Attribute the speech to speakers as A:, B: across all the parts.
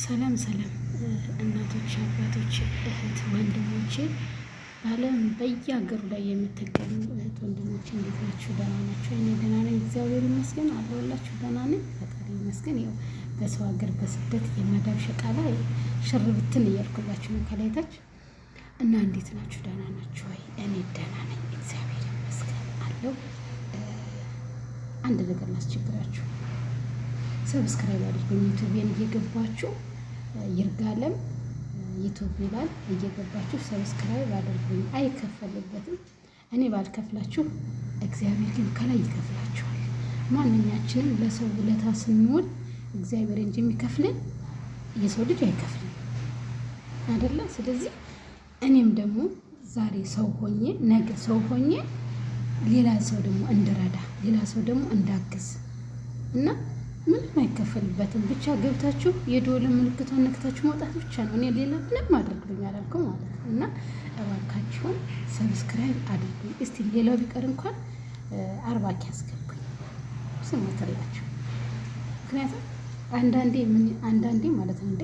A: ሰላም ሰላም እናቶች፣ አባቶች፣ እህት ወንድሞቼ፣ በዓለም በየሀገሩ ላይ የምትገኙ እህት ወንድሞች እንዴት ናችሁ? ደህና ናችሁ? እኔ ደህና ነኝ፣ እግዚአብሔር ይመስገን። አለሁላችሁ። ደህና ነኝ፣ ፈጣሪ ይመስገን። ያው በሰው ሀገር በስደት የማዳብ ሸቃላ ሽር ብትን እያልኩላችሁ ነው ከላይ ታች እና እንዴት ናችሁ? ደህና ናችሁ ወይ? እኔ ደህና ነኝ፣ እግዚአብሔር ይመስገን አለው። አንድ ነገር ላስቸግራችሁ ሰብስክራይብ አድርጉኝ ዩቱቤን እየገባችሁ ይርጋለም ዩቱብ ይላል እየገባችሁ ሰብስክራይብ አድርጉኝ። አይከፈልበትም። እኔ ባልከፍላችሁ እግዚአብሔር ግን ከላይ ይከፍላችኋል። ማንኛችንም ለሰው ውለታ ስንሆን እግዚአብሔር እንጂ የሚከፍልን የሰው ልጅ አይከፍልም አይደለ? ስለዚህ እኔም ደግሞ ዛሬ ሰው ሆኜ ነገ ሰው ሆኜ ሌላ ሰው ደግሞ እንድረዳ ሌላ ሰው ደግሞ እንዳግዝ እና ምንም አይከፈልበትም። ብቻ ገብታችሁ የደወል ምልክቷን ነክታችሁ መውጣት ብቻ ነው። እኔ ሌላ ምንም ማድረግ አላልኩ ማለት ነው። እና እባካችሁን ሰብስክራይብ አድርጉ። እስቲ ሌላው ቢቀር እንኳን አርባ ኪ ያስገቡኝ ስሞትላችሁ። ምክንያቱም አንዳንዴ ምን አንዳንዴ ማለት ነው እንዴ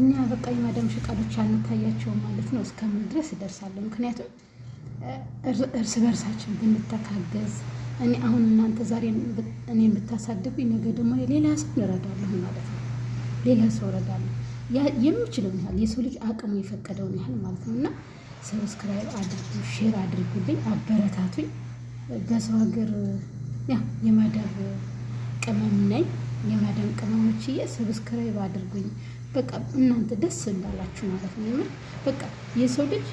A: እኛ በቃ የማዳም ሽቃዶች አንታያቸው ማለት ነው እስከምን ድረስ ይደርሳለሁ። ምክንያቱም እርስ በርሳችን ብንተካገዝ እኔ አሁን እናንተ ዛሬ እኔን ብታሳድጉኝ ነገ ደግሞ ሌላ ሰው እረዳለሁ ማለት ነው። ሌላ ሰው እረዳለሁ የምችለውን ያህል የሰው ልጅ አቅሙ የፈቀደውን ያህል ማለት ነው። እና ሰብስክራይብ አድርጉ፣ ሼር አድርጉልኝ፣ አበረታቱኝ። በሰው ሀገር የማዳብ ቅመም ነኝ። የማዳም ቅመሞችዬ ሰብስክራይብ አድርጉኝ። በቃ እናንተ ደስ እንዳላችሁ ማለት ነው። በቃ የሰው ልጅ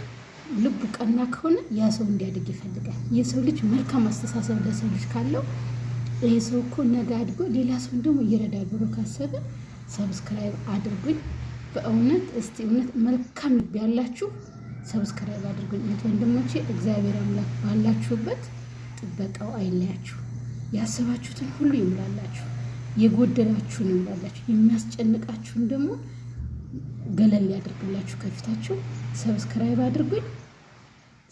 A: ልቡ ቀና ከሆነ ያ ሰው እንዲያድግ ይፈልጋል። የሰው ልጅ መልካም አስተሳሰብ ለሰው ልጅ ካለው ይህ ሰው እኮ ነገ አድጎ ሌላ ሰውን ደግሞ እየረዳ ብሎ ካሰበ ሰብስክራይብ አድርጉኝ። በእውነት እስቲ እውነት መልካም ልብ ያላችሁ ሰብስክራይብ አድርጉኝ። እህት ወንድሞቼ፣ እግዚአብሔር አምላክ ባላችሁበት ጥበቃው አይለያችሁ፣ ያሰባችሁትን ሁሉ ይምላላችሁ፣ የጎደላችሁን ይምላላችሁ፣ የሚያስጨንቃችሁን ደግሞ ገለል ያደርግላችሁ ከፊታችሁ። ሰብስክራይብ አድርጉኝ።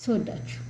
A: ስወዳችሁ